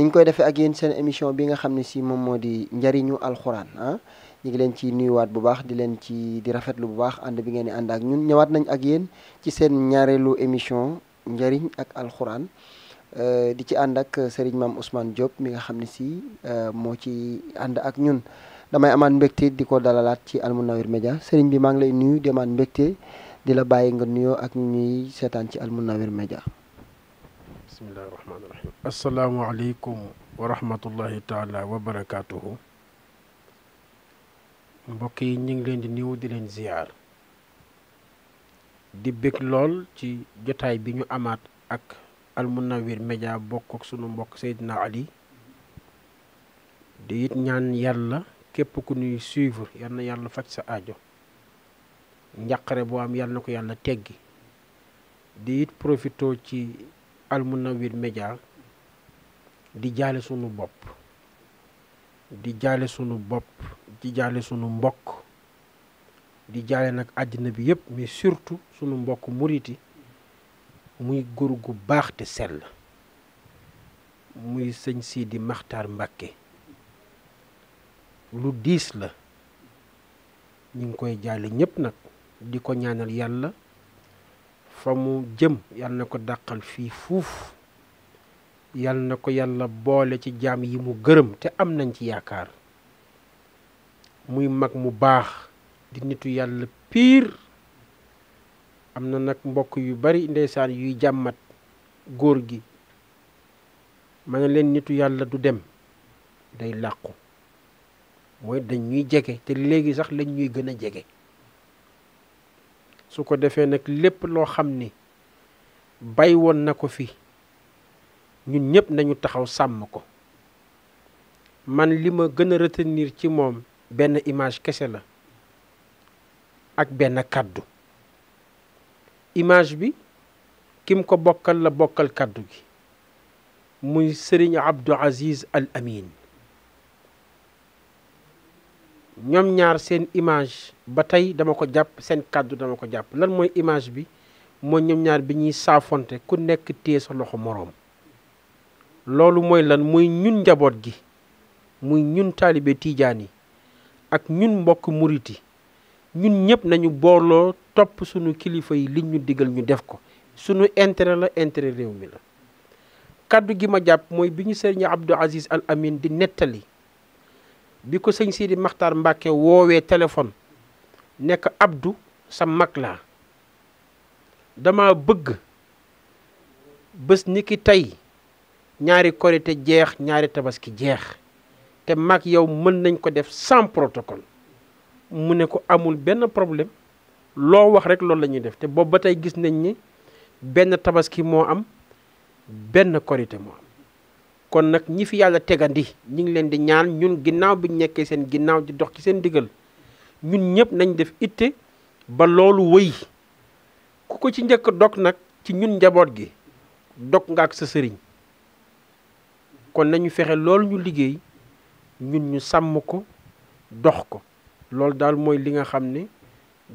niñ koy defee ak yeen seen émission bi nga xam si di njariñu alxuraan ah ñu ngi len ci nuyuwaat bu baax di len ci di rafetlu bu baax and bi ngeen di ag ak ñun ñewat nañ ak yeen ci seen ñaarelu émission njariñ ak euh di ci and ak Serigne mam Ousmane Diop mi nga xam ne euh mo ci and ak ñun damay amane mbekté di ko dalalati ci Almunawir meja, Serigne bi ma ngi lay nuyu di amane mbekté di la baye nga nuyoo ak ñuy sétane ci Almunawir media Bismillahirrahmanirrahim. asalaamualeykum wa rahmatullahi taala wa mbokk yi ñu ngi leen di nuyu di leen ziyaar di bég lool ci jotaay bi ñu amaat ak almunawir média bokk ak sunu mbokk Seydina Ali di it ñaan yàlla képp ku ñuy suivre yal yàlla faj sa ajo njàqare boo am yàlla na ko yàlla teggi di it profito ci almunawir média di jaale sunu bopp di jaale sunu bopp di jaale sunu mbokk di jaale nag àddina bi yëpp mais surtout sunu mbokk muriti muy góor gu baax te sell muy sëñ Sidi Maxtaar Mbàkke lu diis la ñu ngi koy jaale ñëpp nag di ko ñaanal yàlla fa mu jëm yàlla na ko dàqal fii fuuf yal na ko yàlla boole ci jaam yi mu gërëm te am nañ ci yaakaar muy mag mu baax di nitu yàlla piir am na nag mbokk yu bari ndeysaan yuy jàmmat góor gi ma ne leen nitu yàlla du dem day làqu mooy dañ ñuy jege te léegi sax lañ ñuy gën a jege su ko defee nag lépp loo xam ni bay woon na ko fi ñun ñëpp nañu taxaw sàmm ko man li ma gën a retenir ci moom benn image kese la ak benn kàddu image bi kim ko bokkal la bokkal kàddu gi muy Serigne Abdou Aziz Al Amin ñoom ñaar seen image ba tey dama ko jàpp seen kàddu dama ko jàpp lan mooy image bi mooy ñoom ñaar bi ñuy saafonte ku nekk téye sa loxo moroom loolu mooy lan muy ñun njaboot gi muy ñun taalibe tiijaan yi ak ñun mbokk murit ñun ñëpp nañu booloo topp sunu kilifa yi liñ ñu digal ñu def ko sunu intérêt la intere réew mi la kaddu gi ma jàpp mooy bi ñu sëriñ Abdou Aziz Al Amin di nettali bi ko sëñ Sidi Maxtaar Mbàkke woowee téléphone nekk Abdou sa mag la dama bëgg bés ni ki tey ñaari korité jeex ñaari tabaski jeex te mag yow mën nañ ko def sans protocole mu ne ko amul benn problème loo wax rek loolu lañuy def te boobu ba tey gis nañ ni benn tabaski moo am benn korité moo am kon nag ñi fi yàlla tegandi ñu ngi leen di ñaan ñun ginnaaw bi ñu nekkee seen ginnaaw di dox ci seen digal ñun ñëpp nañ def itte ba loolu wéy ku ko ci njëkk dog nag ci ñun njaboot gi dog nga ak sa sëriñ kon nañu fexe loolu ñu liggéey ñun ñu sàmm ko dox ko loolu daal mooy li nga xam ni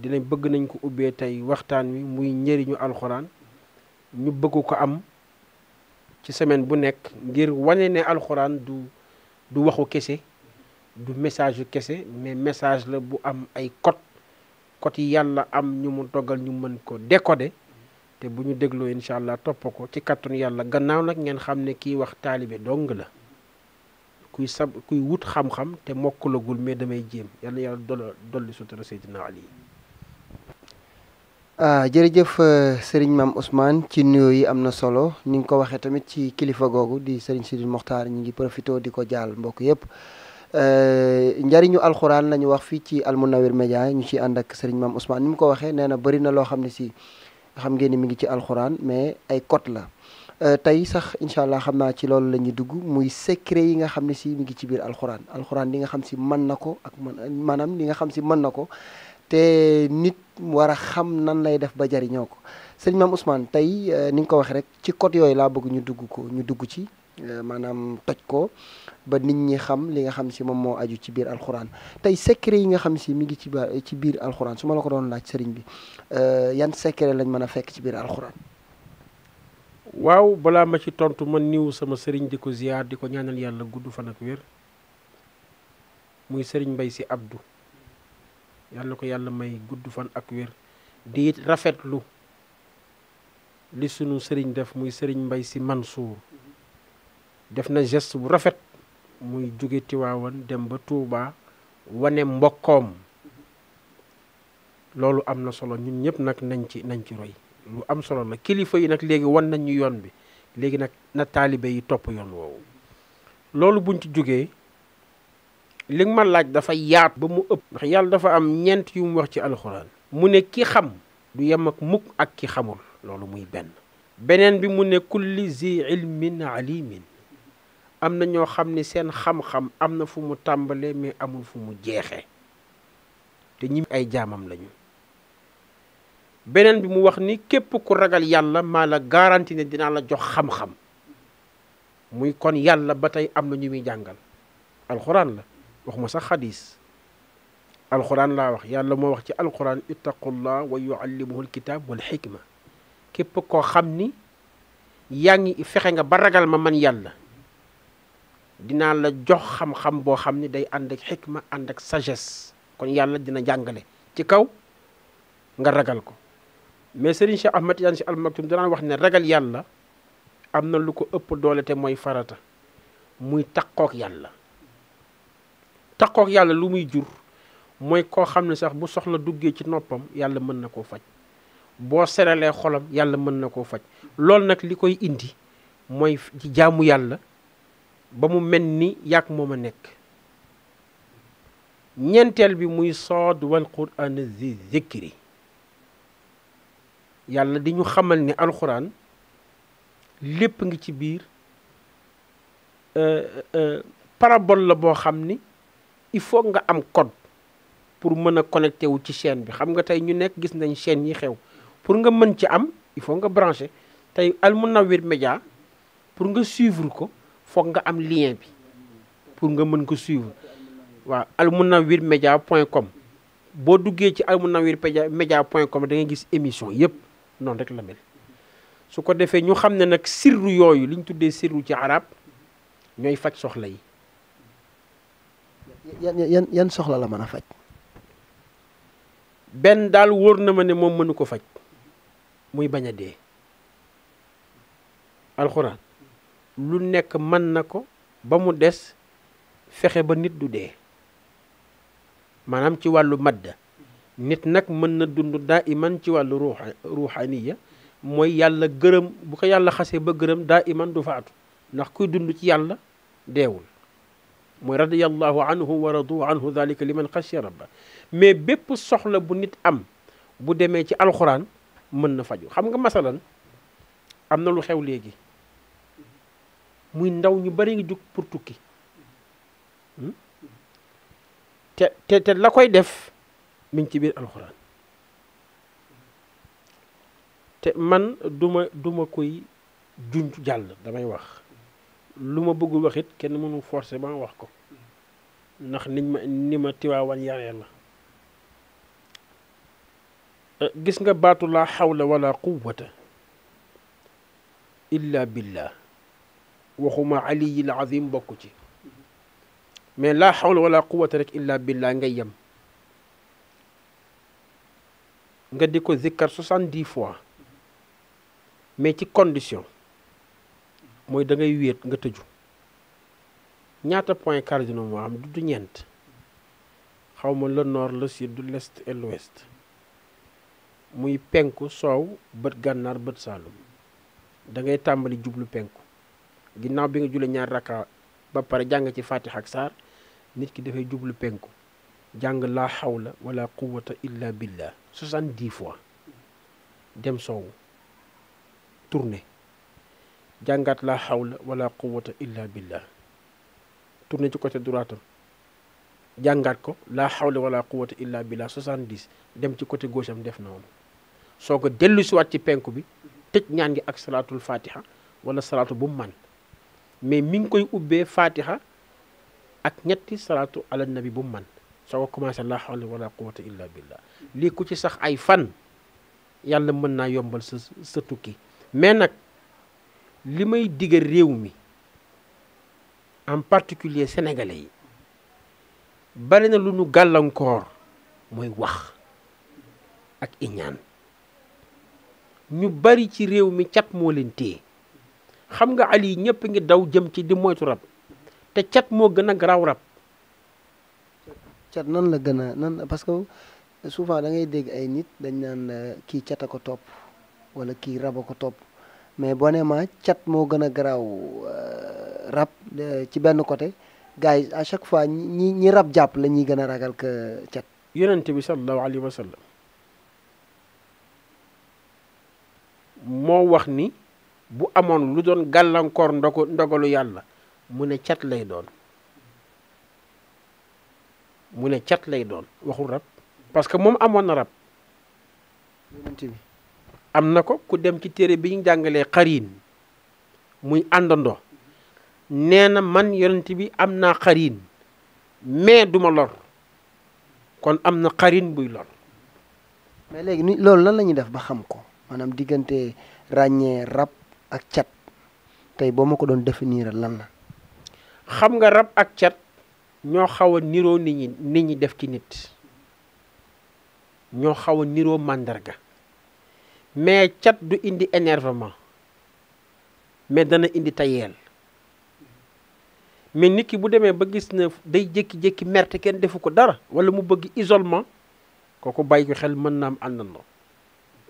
dinañ bëgg nañ ko ubbee tey waxtaan wi muy njëriñu alxuraan ñu bëgg ko am ci semaine bu nekk ngir wane ne alxuraan du du waxu kese du message yu kese mais message la bu am ay code code yi yàlla am ñu mu dogal ñu mën ko décoder bu ñu dégloo incha allah topp ko ci kattanu yàlla gannaaw nag ngeen xam ne kii wax taalibe dong la kuy sab kuy wut xam-xam te mokkalagul mais damay jéem yàlla yàlla dola dolli sutura Seydina Ali ah jërëjëf euh, sëriñ maam Ousmane ci nuyoo yi am na solo ni nga ko waxee tamit ci kilifa googu di sëriñ Sidi Mokhtar ñu ngi profité di ko jaal mbokk yëpp euh, njariñu alxuraan la ñu wax fii ci almunawir média ñu ciy ànd ak sëriñ maam Ousmane ni mu ko waxee nee na bëri na loo xam ne si xam ngeen ni mi ngi ci alxuraan mais ay code la euh, tey sax incha allah xam naa ci loolu la ñuy dugg muy secret yi nga xam ne si mi ngi ci biir alxuraan alxuraan li nga xam si mën na ko ak maanaam li nga xam si mën na ko te nit war a xam nan lay def ba jariñoo ko sëñ Maam Ousmane tey euh, ni nga ko waxee rek ci code yooyu laa bëgg ñu dugg ko ñu dugg ci Euh, manam toj ko ba nit ñi xam li nga xam si mom mo aju ci bir alquran tay secret yi nga xam si mi ngi ci ci bir alquran. suma la ko doon laaj serigne bi euh, yan secret lañ mëna fekk ci bir alquran waaw bala ma ci tontu man niwu sama serigne di ziar di ñaanal yalla guddu fan ak wér muy serigne mbay si abdu yalla ko yalla may guddu fan ak wér di rafetlu li sunu serigne def muy serigne mbay si Mansour. def na geste bu rafet muy jóge Tiwaawan dem ba Touba wane mbokkoom loolu am na solo ñun ñëpp nag nañ ci nañ ci roy lu am solo la kilifa yi nag léegi wan nañ ñu yoon bi léegi nag na taalibe yi topp yoon woowu loolu buñ ci jógee li ma laaj dafa yaat ba mu ëpp ndax yàlla dafa am ñent yu mu wax ci alxuraan mu ne ki xam du yem ak mukk ak ki xamul loolu muy benn beneen bi mu ne kulli zi ilmin alimin am na ñoo xam ni seen xam-xam am na fu mu tàmbalee mais amul fu mu jeexee te ñi ay jaamam lañu beneen bi mu wax ni képp ku ragal yàlla maa la garantie ne dinaa la jox xam-xam muy kon yàlla ba tey am na ñu muy jàngal alxuraan la wax waxuma sax xadis alxuraan laa wax yàlla moo wax ci alxuraan ittaqullah wa yuallimuhu alkitab wal xikma képp koo xam ni yaa ngi fexe nga ba ragal ma man yàlla dinaa la jox xam-xam boo xam ni day ànd ak xikma ànd ak sagesse kon yàlla dina jàngale ci kaw nga ragal ko mais Serigne Cheikh Ahmad Tidiane Sy Al Maktoum wax ne ragal yàlla am na lu ko ëpp doole te mooy farata muy takkook yàlla takkook yàlla lu muy jur mooy koo xam ne sax bu soxla duggee ci noppam yàlla mën na koo faj boo seralee xolam yàlla mën na koo faj loolu nag li koy indi mooy ci jaamu yàlla ba mu mel ni yàq moom a nekk ñeenteel bi muy sood wal quraan zi zikri yàlla di ñu xamal ni alxuraan lépp ngi ci biir euh, euh, parabole la boo xam ni il faut nga am code pour mën a connecté wu ci chaîne bi xam nga tey ñu nekk gis nañ chaîne yi xew pour nga mën ci am il faut nga branché tey Al Mounawir Média pour nga suivre ko foog nga am lien bi pour nga mën ko suivre wa almunawir bo point com ci almunawirmedia.com point com da ngay gis émission yépp non rek la mel su ko défé ñu xamné nak sirru yoyu liñ tuddé sirru ci arab ñoy fajj soxla yi yan ya-, yan yan soxla la mëna fajj ben dal daal wóor na ma ne moom mënu ko fajj muy baña dé alquran lu nekk man na ko ba mu des fexe ba nit du dee maanaam ci wàllu madda nit nag mën na dund daa iman ci wàllu ruux ruuxaniya mooy yàlla gërëm bu ko yàlla xasee ba gërëm daa iman du faatu ndax kuy dund ci yàlla deewul mooy radiyallahu anhu wa radu anhu dalika liman xasiya rabba mais bépp soxla bu nit am bu demee ci alxuraan mën na faju xam nga masalan am na lu xew léegi muy ndaw ñu bari ngi jóg pour tukki te te te la koy def mi ngi ci biir alxuraan te man duma duma koy junj jàll damay wax lu ma bëggul wax it kenn mënu forcé ba wax ko ndax niñ ma ni ma tiwaawan yaree la gis nga baatu laa xawla wala quwwata illa billah waxuma aliyil azim bokk ci mais la hawla wala quwata rek illa billah ngay yem nga di ko zikkar soixante fois mais ci condition mooy da ngay wéet nga tëju ñaata point cardinal moo am du ñeent xaw ma le nord la sud l'est et l'ouest muy penku soow bët gànnaar bët saalum da ngay tàmbali jublu penku ginnaaw bi nga julee ñaar rakka ba pare jàng ci fatiha ak saar nit ki dafay jublu penku jàng laa xawla wala quwata illa billah soixante-dix fois dem soowu tourné jàngaat laa xawla wala quwata illa billah tourné ci côté droitam jàngaat ko laa xawla wala quwata illa billah soixante-dix dem ci côté gauche am def noonu soo ko dellu siwaat ci penku bi tëj ñaan gi ak salaatul fatiha wala salaatu bu man mais mi ngi koy ubbee faatixa ak ñetti salaatu ala nabi bu man soo ko commencé la hawla wala quwwata illa billah lii ku ci sax ay fan yàlla mën naa yombal sa sa tukki mais nag li may digga réew mi en particulier sénégalais yi bari na lu nu gàllankoor mooy wax ak iñaan ñu bari ci réew mi cat moo leen téye xam nga ali ñëpp ngi daw jëm ci di moytu rab te cat moo gën a garaaw rab. cat nan la gën a nan parce que souvent da ngay dégg ay nit dañ naan euh, kii cat a ko topp wala kii rab a ko topp mais boo ma cat moo gën a garaaw euh, rab euh, ci benn côté gars yi à chaque fois ñi ñi rab jàpp la ñuy gën a ragal que cat. yonent bi sallallahu alayhi wa sallam moo wax ni. bu amoon lu doon gàllankoor ndogu ndogalu yàlla mu ne cat lay doon mu ne cat lay doon waxul rab parce que moom amoon na rab am na ko ku dem ci téere bi ñu jàngalee xariin muy àndandoo nee na man yonent bi am naa xariin mais duma lor kon am na xariin buy lor mais léegi ni loolu lan la ñuy def ba xam ko maanaam diggante ràññee rab ak cat tey boo ma ko doon définir lan la. xam nga rab ak cat ñoo xaw a niroo nit ñi nit ñi def ci nit ñoo xaw a niroo màndarga mais cat du indi énervement mais dana indi tayeel mais nit ki bu demee ba gis na day jékki-jékki merte kenn defu ko dara wala mu bëgg isolement kooku bàyyi ko xel mën naa am àndandoo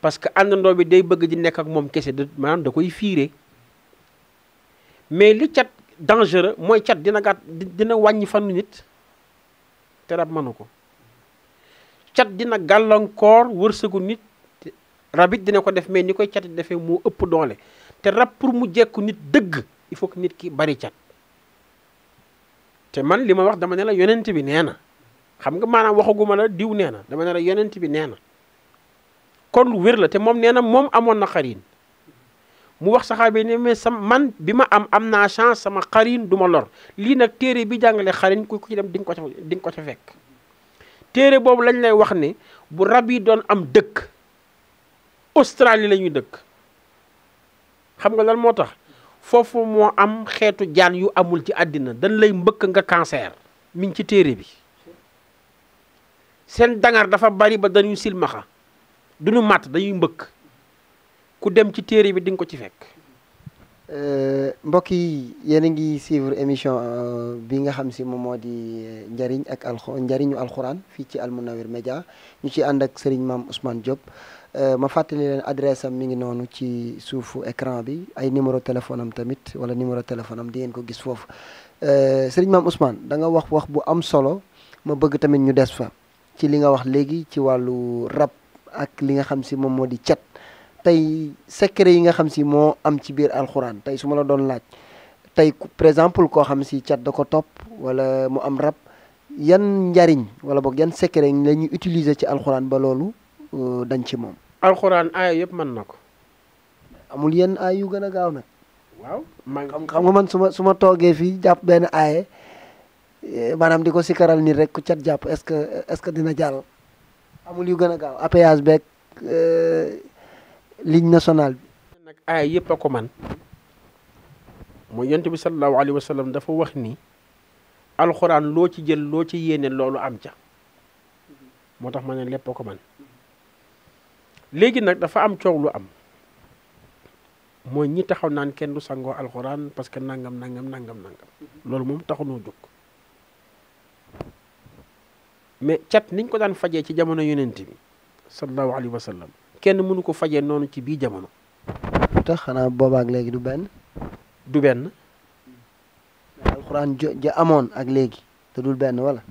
parce que àndandoo bi day bëgg di nek ak mom kessé de manam da koy fiire mais li chat dangereux moy chat dina gàtt dina wàññi fanu nit te rab mënu ko cat dina gàllankoor wërsëgu nit rabit dina ko def mais ni koy cati defee moo ëpp doole té rap pour mu jekku nit dëgg il faut que nit ki bari chat té man li ma wax dama né la yonent bi néna xam nga manam waxaguma la diw néna dama né la yonent bi néna kon lu wér la te moom nee na moom amoon na xarin mu wax saxaabe ne mais sam man bi ma am am naa chance sama xarin du ma lor lii nag téere bi jàngale xarin ku ci dem di ko ca di ko ca fekk téere boobu lañ lay wax ne bu rab yi doon am dëkk Australie la ñuy dëkk xam nga lan moo tax foofu moo am xeetu jaan yu amul ci àddina dañ lay mbëkk nga cancer mi ngi ci téere bi seen dangar dafa bari ba dañu silmaxa duñu mat dañuy mbëkk ku dem ci téré bi ding ko ci fekk euh, mbokk yi yene ngi suivre émission euh, bi nga xam si mom modi di euh, njariñ ak alxu njariñu alxuraan fi ci almunawir media ñu ci and ak serigne mam Ousmane Diop ma fatali len adresse am mi ngi nonu ci suufu écran bi ay numéro téléphone am tamit wala numéro téléphone am di ngeen ko gis euh serigne mam Ousmane da nga wax wax bu am solo ma bëgg tamit ñu dess fa ci li nga wax légui ci walu rap ak li nga xam si moom moo di cet tey secret yi nga xam si moo am ci biir alxuraan tey su ma la doon laaj tey par exemple koo xam si cat da ko topp wala mu am rab yan njariñ wala boog yan secret la ñuy utiliser ci alxuraan ba loolu euh, dañ ci moom. alxuraan aaya yëpp man na ko. amul yan aay yu gën a gaaw nag. waaw man xam nga man suma suma fi toogee fii jàpp benn aaye eh, di ko sikaral ni rek ku cat japp est-ce que est-ce que dina jall amul yu gën a gaaw APS beeg euh, ligne nationale bi. nag aaya yëpp a ko man mooy yonent bi sallallahu alayhi dafa wax ni alxuraan loo ci jël loo ci yéene loolu am ca moo tax ma ne lépp a ko man léegi nag dafa am coow lu am mooy ñi taxaw naan kenn du sangoo alxuraan parce que nangam nangam nangam nangam loolu moom taxu noo jóg. mais cat niñ ko daan fajee ci jamono yonent bi sallallahu alayhi wa sallam kenn mënu ko fajee noonu ci biir jamono. tax xanaa boobaak léegi du benn. du benn. alxuraan ja amoon ak léegi te dul benn wala.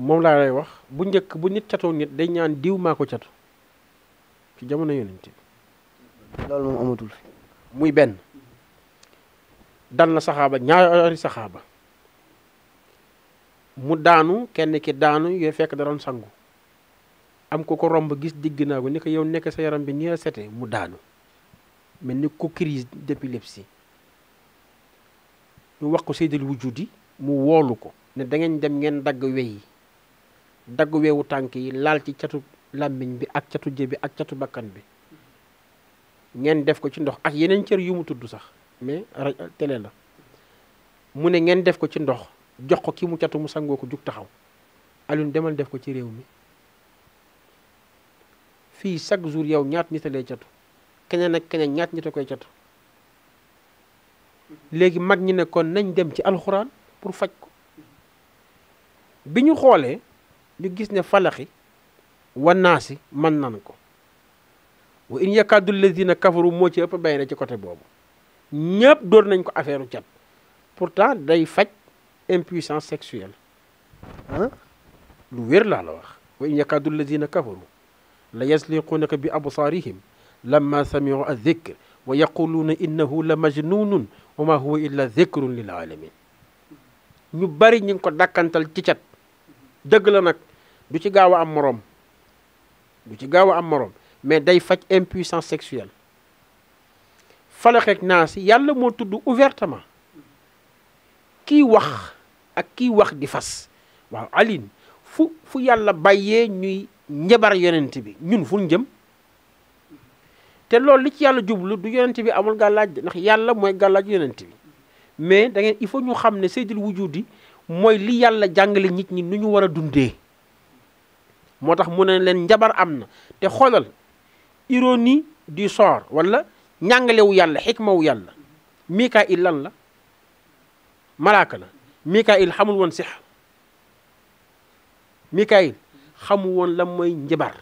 moom laa lay wax bu njëkk bu nit catoo nit day ñaan diw maa ko catu ci jamono yonent bi. loolu moom amatul fi. muy benn dal na saxaaba ñaari saxaaba. mu daanu kenn ki daanu yooyu fekk da sangu am ko ko romb gis digg naa ko ni ko yow nekk sa yaram bi nii la sete mu daanu mel ni ko ku crise d'épilepsie ñu wax ko seydal juddi mu woolu ko ne da ngeen dem ngeen dagg yi dagg wewu tànk yi laal ci catu làmmiñ bi ak catu jë bi ak catu bakkan bi ngeen def ko ci ndox ak yeneen cër yu mu tudd sax mais télé la mu ne ngeen def ko ci ndox jox ko ki mu catu mu sangoo ko jug taxaw Alioune demal def ko ci réew mi fii chaque jour yow ñaat nit a lay catu keneen ak keneen ñaat nit a koy catu léegi mag ñi ne kon nañ dem ci alxuraan pour faj ko bi ñu xoolee ñu gis ne falaxi wannaasi mën nan ko wa in yakadu alladina kafaru moo ci ëpp bay na ci côté boobu ñëpp dóor nañ ko affaire cat pourtant day faj impuissance sexuelle ah lu wér laa la wax wa in yakaadu alladina kafaru la yasliquunaka bi absaarihim lamma samiu aldicre wa yaquluuna innahu la majnunun Ou ma huwa illa dicrun lil alamin Nous bari n'y ngi ko dakkantal ci cat dëgg du ci am du am mais day fach impuissance sexuelle falaxeek nasi. yàlla moo ouvertement Qui wax ak kiy wax di fas waaw Alioune fu fu yàlla bàyyee ñuy njabar yonent bi ñun ful jëm te loolu li ci yàlla jublu du yonent bi amul gàllaaj ndax yàlla mooy gàllaaj yonent bi mais da ngeen il faut ñu xam ne seydil wujudi mooy li yàlla jàngale nit ñi nu ñu war a dundee moo tax mu ne leen njabar am na te xoolal ironie di sort wala njàngalewu yàlla xikmawu yàlla mikail lan la malaaka la Mikaayil xamul woon six Mikaayil xamu lan mooy njabar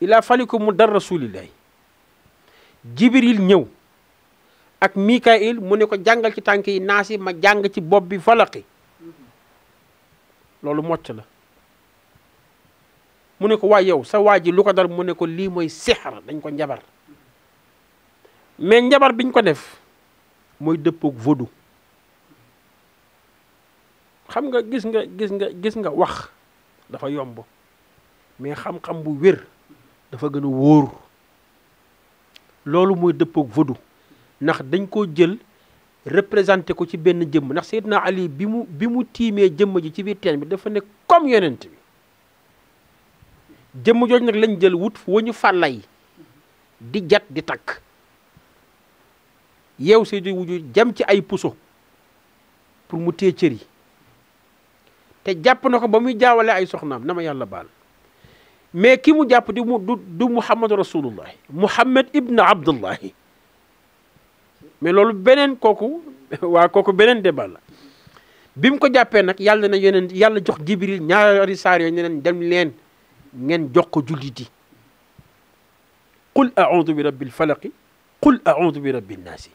il a mu dara rasulillahi Jibril ñëw ak Mikaayil mu ne ko jàngal ci tànk yi naasi ma jàng ci bopp bi falaqi loolu mocc la mu ne ko waay yow sa waa ji lu ko dal mu ne ko lii mooy sixar dañ ko njabar mais njabar biñ ko def mooy dëppoog vodou xam nga gis nga gis nga gis nga wax dafa yomb mais xam-xam bu wér dafa gën a wóor loolu mooy dëppoog vodu ndax dañ koo jël représenté ko ci benn jëmm ndax naa Ali bi mu bi mu tiimee jëmm ji ci biir teen bi dafa ne comme yonent jëmm jooj nag lañ jël wut wa fàllay di jat di takk yeew Seydou wuju jam ci ay puso pour mu téye cëri te jàpp nako ko ba muy jaawale ay soxnam nama yàlla bal mais ki mu jàpp di mu du muhammad rasulullah muhammad ibn abdullah mais lolou benen koku wa koku benen débat la bim ko jappé nak yàlla na yenen yàlla jox jibril ñaari sar yo ñenen dem len ngeen jox ko julliti qul a'udhu bi rabbil falaq qul a'udhu bi rabbin nas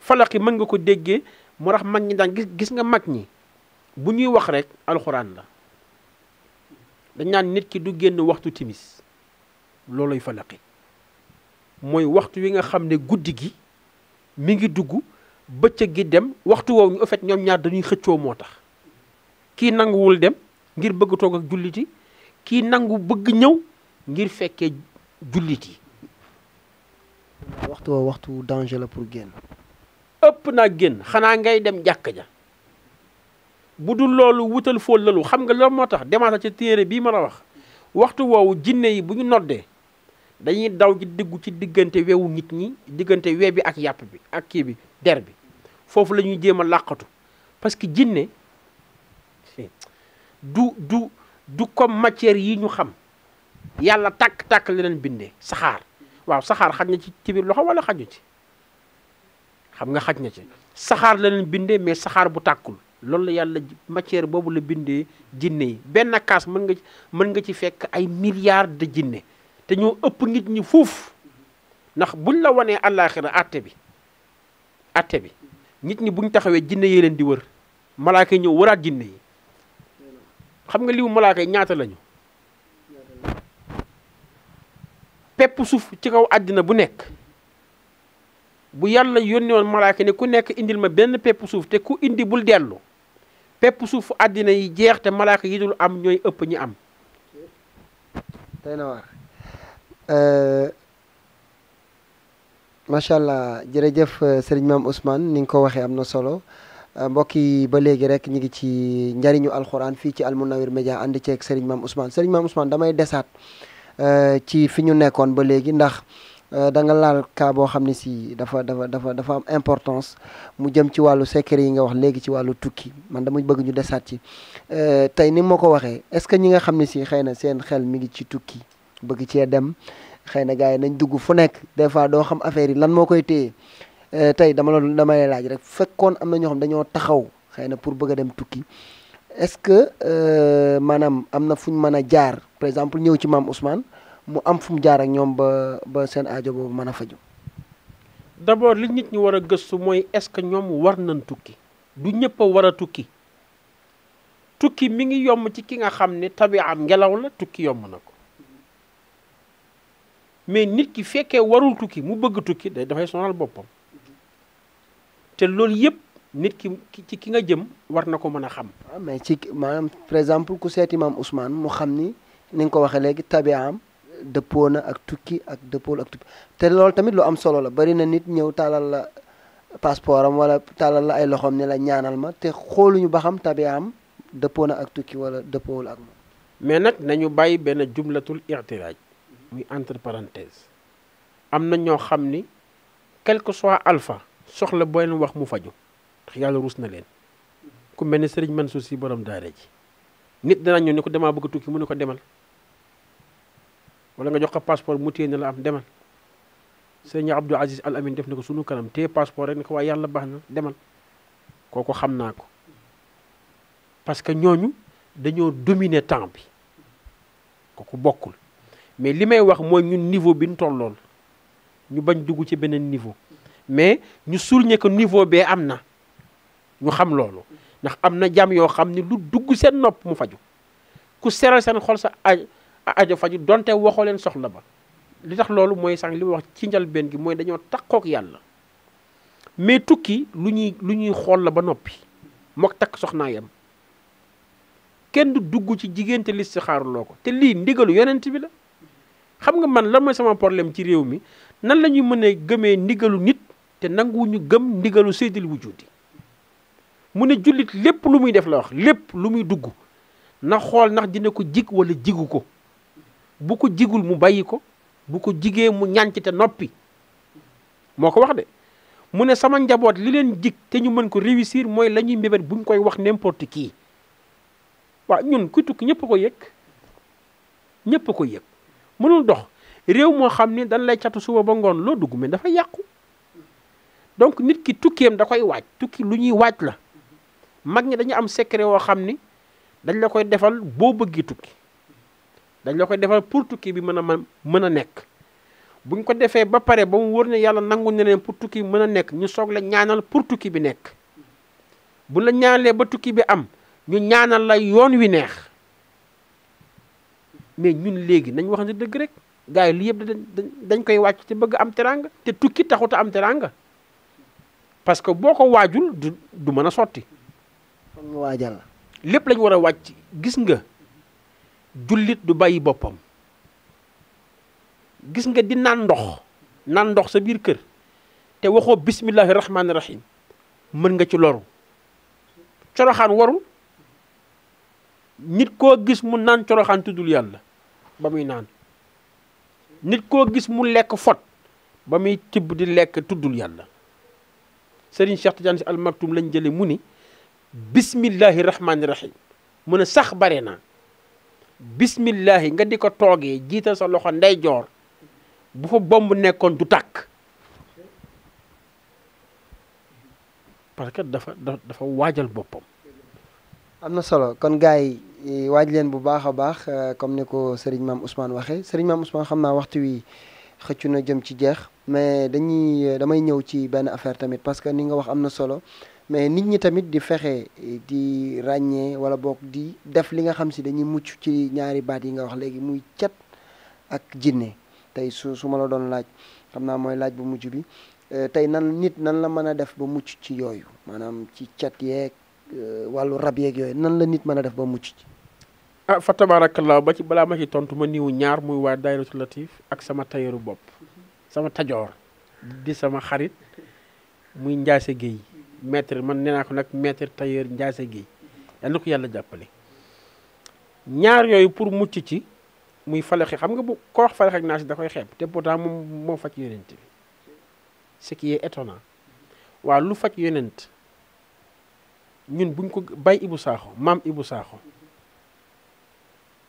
falaq man nga ko déggé mo rax mag ñi dan gis nga mag ñi bu ñuy wax rek alxuraan la dañ naan nit ki du génn waxtu timis loolu fa falaqi mooy waxtu wi nga xam ne guddi gi mi ngi dugg bëccëg gi dem waxtu woo ñu en ñoom ñaar dañuy xëccoo moo tax kii nanguwul dem ngir bëgg toog ak julliti kii nangu bëgg ñëw ngir fekkee jullit yi. waxtu woo waxtu danger la pour génn. ëpp naa génn xanaa ngay dem jàkk ja. bu dul loolu wutal fóol lalu xam nga loolu moo tax demaata ci téere bii ma a wax waxtu woowu jinne yi bu ñu noddee dañuy daw ji diggu ci diggante wewu nit ñi diggante wee bi ak yàpp bi ak kii bi der bi foofu lañuy ñuy jéem a làqatu parce que jinne du du du comme matière yi ñu xam yàlla tàkk-tàkk leneen leen bindee saxaar waaw saxaar xaj na ci ci loxo wala xaju ci xam nga xaj na ci saxaar leneen bindee mais saxaar bu tàkkul loolu la yàlla matière boobu la bindee jinne yi benn kaas mën nga mën nga ci fekk ay milliards de jinne te ñoo ëpp nit ñi fuuf ndax buñ la wanee àllaaxira atte bi atte bi nit ñi buñ taxawee jinne yee leen di wër malaaka yi ñëw wëraat jinne yi xam nga liw malaaka yi ñaata lañu pepp suuf ci kaw àddina bu nekk bu yàlla yónni woon malaaka ne ku nekk indil ma benn pepp suuf te ku indi bul dellu fépp suufu àddina yi jeex te malaaka yi dul am ñooy ëpp ñi am tey na waar euh, macha jërëjëf euh, sëriñ maam Ousmane ni nga ko waxee am na solo euh, mbokk yi ba léegi rek ñu ngi ci njariñu alxuraan fii ci almunawir média ànd ceeg sëriñ maam Ousmane sëriñ maam Ousmane damay desaat ci fi ñu nekkoon ba léegi ndax Euh, da nga laal cas boo xam ne si dafa dafa dafa dafa am importance mu jëm ci wàllu secret yi nga wax léegi ci wàllu tukki man dama bëgg ñu desaat ci euh, tey ni ma ko waxee est-ce que ñi nga xam ne si xëy na seen xel mi ngi ci tukki bëgg cee dem xëy na gars yi nañ dugg fu nekk des fois doo xam affaire yi lan moo koy téye euh, tey dama la dama lay laaj rek fekkoon am na ñoo xam dañoo taxaw xëy na pour bëgg dem tukki est-ce que maanaam am na fu ñu mën a jaar par exemple ñëw ci maam Ousmane. mu am fu mu jaar ak ñom ba ba seen aajo bo mëna faju d'abord li nit ñi wara geustu moy est ce ñom war nañ tukki du ñepp wara tukki tukki mi ngi yom ci ki nga xamne tabi'am ngelaw la tukki yom nako mais nit ki fekke warul tukki mu bëgg tukki day dafay sonal bopam té lool yépp nit ki ci ki nga jëm war na ko xam. Ah, mais ci manam par exemple ku seeti maam Ousmane mu xamni ni nga ko waxee léegi tabi'am dëppoo na ak tukki ak dëppool ak tukki te loolu tamit lu am solo la bari na nit ñëw tàllal la passeport am wala tàllal la ay loxoom ne la ñaanal ma te xooluñu ba xam tabiyaam dëppoo na ak tukki wala dëppoowul ak moom mais nag nañu bàyyi benn jumlatul irtiraaj muy entre parenthèse am na ñoo xam ni quelque que soit alpha soxla booy leen wax mu faju ndax yàlla ruus na leen ku mel ni sëriñ Mansour si borom daara ji nit danañu ni ko damaa bëgg tukki mu ne ko demal wala nga jox ko passeport mu téye ne la am demal sëñ Abdou Aziz Al Amin def na ko sunu kanam téye passeport rek ne ko waaye yàlla baax na demal kooku xam naa ko parce que ñooñu dañoo dominer temps bi kooku bokkul mais li may wax mooy ñun niveau bi ñu tolloon ñu bañ dugg ci beneen niveau mais ñu souligner que niveau bee am na ñu xam loolu ndax am na jàmm yoo xam ni lu dugg seen nopp mu faju ku seral seen xol sa aj Aja faju donte waxoo leen soxla ba li tax lalu mooy sang li wax ci ben gi mooy dañoo takkook yàlla mais tukki lu ñuy lu luni xool la ba noppi mook tak soxnaa yam kenn du dugg ci jigéen te listixaaruloo loko te li ndigalu yonent bi la xam nga man lan sama problème ci réew mi nan la ñuy mënee gëmee ndigalu nit te nanguwuñu gëm ndigalu seydil wujudi mu ne mone julit lu muy def la wax lumi lu muy dugg na xool ndax dina ko jig wala jigu ko bu ko jigul mu bàyyi ko bu ko jigee mu ñànc te noppi moo ko wax de mu ne sama njaboot li leen jig te ñu mën ko réussir mooy la ñuy mbébét buñ koy wax n'importe kii waaw ñun ku tukki ñëpp ko yëg ñëpp ko yëg mënul dox réew moo xam ne dañ lay catu suba ba ngoon loo dugg mais dafa yàqu donc nit ki tukkeem da koy waaj tukki lu ñuy waaj la mag ñi dañu am secret woo xam ni dañ la koy defal boo bëggee tukki dañ la koy defal pour tukki bi mën a man mën a nekk buñ ko defee ba pare ba mu wóor na yàlla nangu ne leen pour tukki bi mën a nekk ñu soog la ñaanal pour tukki bi nekk bu la ñaanalee ba tukki bi am ñu ñaanal la yoon wi neex mais ñun léegi nañ wax ne dëgg rek gars yi li yëpp dañ koy wàcc te bëgg am teranga te tukki taxut a am teranga parce que boo ko waajul du mën a sotti. waajal lépp lañ war a wàcc gis nga. jullit du bàyyi boppam gis nga di naan ndox naan ndox sa biir kër te waxoo bismillahi rahmaani rahim mën nga ci loru coroxaan warul nit koo gis mu naan coroxaan tuddul yàlla ba muy naan nit koo gis mu lekk fot ba muy tibb di lekk tuddul yàlla sëriñ Cheikh Tidiane Sy lañ jële mu ni bismillahi rahmaani rahim mu ne sax bare naa bismillahi nga di ko toogee jiital sa loxo ndeyjoor bu fa bomb nekkoon du tàkk parce que dafa dafa waajal boppam. am na solo kon gars yi waaj leen bu baax a baax comme ni ko Serigne Maam Ousmane waxee Serigne Maam Ousmane xam naa waxtu wi xëccu na jëm ci jeex mais dañuy damay ñëw ci benn affaire tamit parce que ni nga wax am na solo. mais nit ñi tamit di fexe di ràññee wala boog di def li nga xam si dañuy mucc ci ñaari baat yi nga wax léegi muy cat ak jinne tey su su ma la doon laaj xam naa mooy laaj bu mujj bi euh, tey nan nit nan la mën a def ba mucc ci yooyu maanaam ci cat yeeg euh, wàllu rab yeeg yooyu nan la nit mën a def ba mucc ci ah fa tabaarakallaa ba ci balaa ma ci tontu ma niwu ñaar muy waa daayiratu latif ak sama tayeeru bopp sama tajoor di sama xarit muy njaase géey maître man nee naa ko nag maître tailleur Ndiasse Guèye yal na ko yàlla jàppale ñaar yooyu pour mucc ci muy falaxi xam nga bu ko wax falax ak naas da koy xeeb te pourtant moom moo faj yonent bi ce waa lu faj yonent ñun buñ ko bay Ibou Sakho maam Ibou Sakho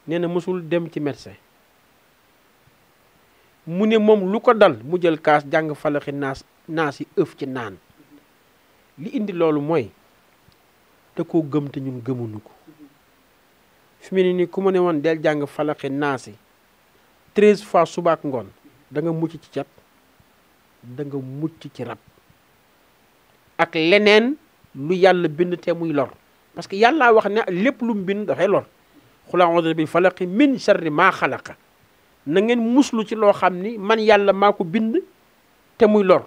nee na mësul dem ci médecin mu ne moom lu ko dal mu jël kaas jàng faloxi naas naas yi ëf ci naan li indi loolu mooy da koo gëm te ñun gëmuñu ko fi mu ne nii ku ma ne woon del jàng falaxi naasi treize fois subaak ngoon danga mucc ci cat da mucc ci rab ak leneen lu yàlla bind te muy lor parce que yàllaa wax ne lépp lu mu bind dafay lor qul a'uudu bi falaqi min sharri maa xalaqa na ngeen muslu ci loo xam ni man yàlla maa ko bind te muy lor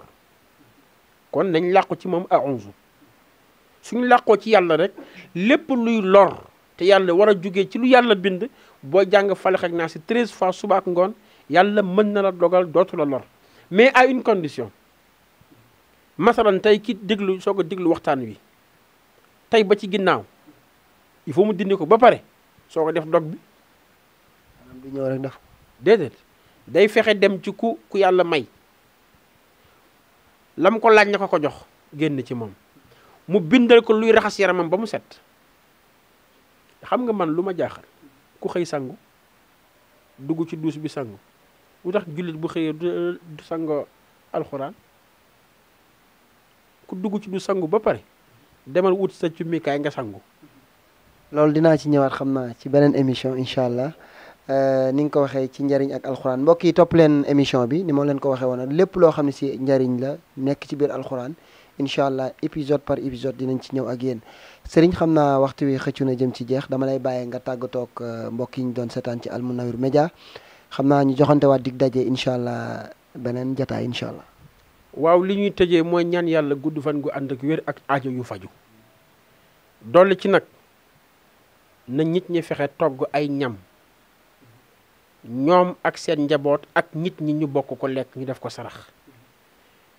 kon nañ làqu ci moom aunzu suñ làqoo ci yàlla rek lépp luy lor te yàlla war a jóge ci lu yàlla bind boo jàng falax ak naa si treize fois suba ak ngoon yàlla mën na la dogal dootu la lor mais à une condition masalan tey ki déglu soo ko déglu waxtaan wi tey ba ci ginnaaw il faut mu dindi ko ba pare soo ko def dog bi rek def déedéet day fexe dem ci ku ku yàlla may lam ko laaj na ko ko jox génn ci moom mu bindal ko luy raxas yaramam ba mu set xam nga man lu ma jaaxal ku xëy sangu dugg ci duus bi sangu lu tax jullit bu xëyee du sango alxuraan ku dugg ci du sangu ba pare demal wut sa cummikaay nga sangu loolu dinaa ci ñëwaat xam naa ci beneen émission incha allah Euh, ni nga ko waxee ci njariñ ak alxuraan mbokk yi topp leen émission bi ni ma leen ko waxee woon lépp loo xam ne si njariñ la nekk ci biir alxuraan incha allah épisode par épisode dinañ ci ñëw ak yéen sëriñ xam naa waxtu wi xëccu na jëm ci jeex dama lay bàyyee nga tàggatoog euh, mbokk yi ñu doon seetaan ci almunawir média xam naa ñu joxante waat dig daje incha allah beneen jataay incha allah. waaw li ñuy tëjee mooy ñaan yàlla gudd fan gu ànd ak wér ak aajo yu faju dolli ci nag na nit ñi fexe togg ay ñam ñoom ak seet njaboot ak nit ñi ñu bokk ko lekk ñu def ko sarax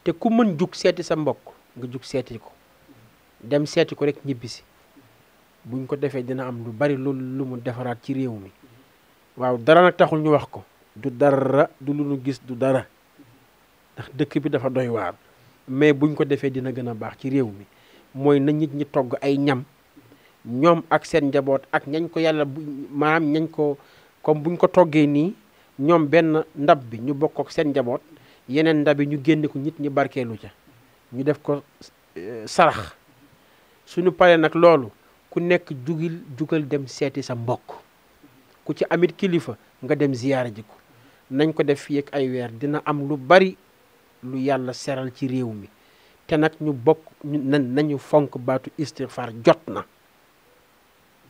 te ku mën jug seeti sa mbokk nga jug seeti ko dem seeti ko rek ñibbisi buñ ko defee dina am lu bari loolu lu mu defaraat ci réew mi waaw dara nag taxul ñu wax ko du dara du lu ñu gis du dara ndax dëkk bi dafa doy waar mais buñ ko defee dina gën a baax ci réew mi mooy na nit ñi togg ay ñam ñoom ak seen njaboot ak ñañ ko yàlla maanaam ñañ ko comme buñ ko toggee nii ñoom benn ndab bi ñu bokk ak seen njaboot yeneen ndab yi ñu génne ko nit ñi barkeelu ca ñu def ko eh, sarax sunu paree nag loolu ku nekk jugil jugal dem seeti sa mbokk ku ci amit kilifa nga dem ziyaara ji ko nañ ko def fii ay weer dina am lu bari lu yàlla seral ci réew mi te nag ñu bokk nañu fonk baatu istigfaar jot na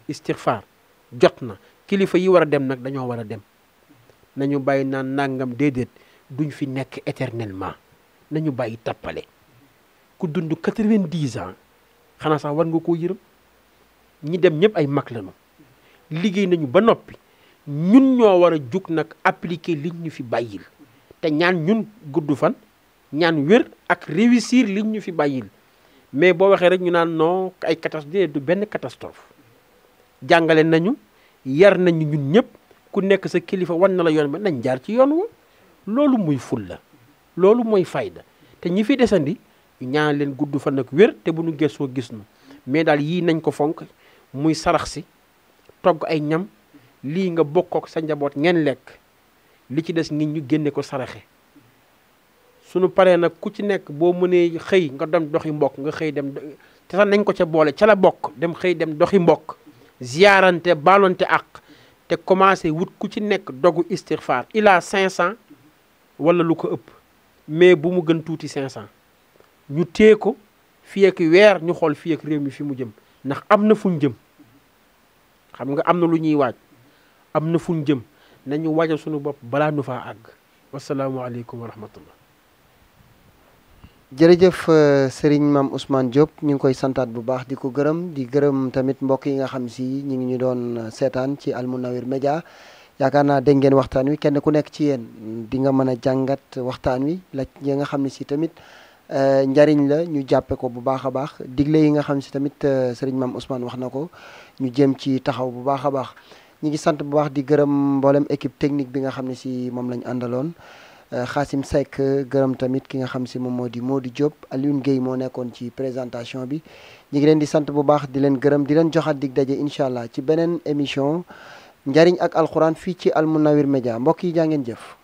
istigfaar jot na kilifa yi war a dem nag dañoo war a dem nañu bàyyi naan nangam déedéet duñ fi nekk éternellement nañu bàyyi tappale ku dund quatre-vingt-dix ans xanaa sax war nga koo yërëm ñi dem ñëpp ay mag lañu liggéey nañu ba noppi ñun ñoo war a jug nag appliquer liñ ñu fi bàyyil te ñaan ñun gudd fan ñaan wér ak réussir liñ ñu fi bàyyil mais boo waxee rek ñu naan noo ay catastrophe du benn catastrophe jàngale nañu yar nañu ñun ñëpp ku nekk sa kilifa war na la yoon ba nañ jaar ci yoon wa loolu muy ful la loolu mooy fayda te ñi fi desandi ñaan leen gudd fan te bu nu gëstoo gis nu mais daal yii nañ ko fonk muy sarax si togg ay ñam lii nga bokkook sa njaboot ngeen lekk li ci des ngi ñu génne ko saraxe sunu paree nag ku ci nekk boo mënee xëy nga dem doxi mbokk nga xëy dem te sax nañ ko ca boole ca la bokk dem xëy dem doxi mbokk ziyaarante baalonte ak te commencé wut ku ci nekk dogu istixfaar il a 500 wala lu ko ëpp mais bu mu gën tuuti 500 ñu tee ko fii ak weer ñu xool fii ak réew mi fi mu jëm ndax am na fuñ jëm xam nga am na lu ñuy waaj am na fuñ jëm nañu wajal suñu bopp balaa nu faa àgg wasalaamualeykum wa rahmatullah jërëjëf euh, sëriñ maam Ousmane Diop ñu ngi koy santaat bu baax di ko gërëm di gërëm tamit mbokk yi nga xam si ñu ngi ñu doon euh, seetaan ci almunawir média yaakaar naa dégg ngeen waxtaan wi kenn ku nekk ci yéen di nga mën a jàngat waxtaan wi la yi nga xam ne si tamit euh, njariñ la ñu jàppe ko bu baax a baax digle yi nga xam si tamit sëriñ mam Ousmane wax na ko ñu jëm ci taxaw bu baax a baax ñu ngi sant bu baax di gërëm mboolem équipe technique bi nga xam ne si moom lañ àndaloon Xaasim Seck gërëm tamit ki nga xam si moom moo di Modou Diop Alioune Guèye moo nekkoon ci présentation bi ñu ngi leen di sant bu baax di leen gërëm di leen joxat dig daje incha allah ci beneen émission njariñ ak alxuraan fii ci Al Mounawir Média mbokk yi jaa ngeen jëf.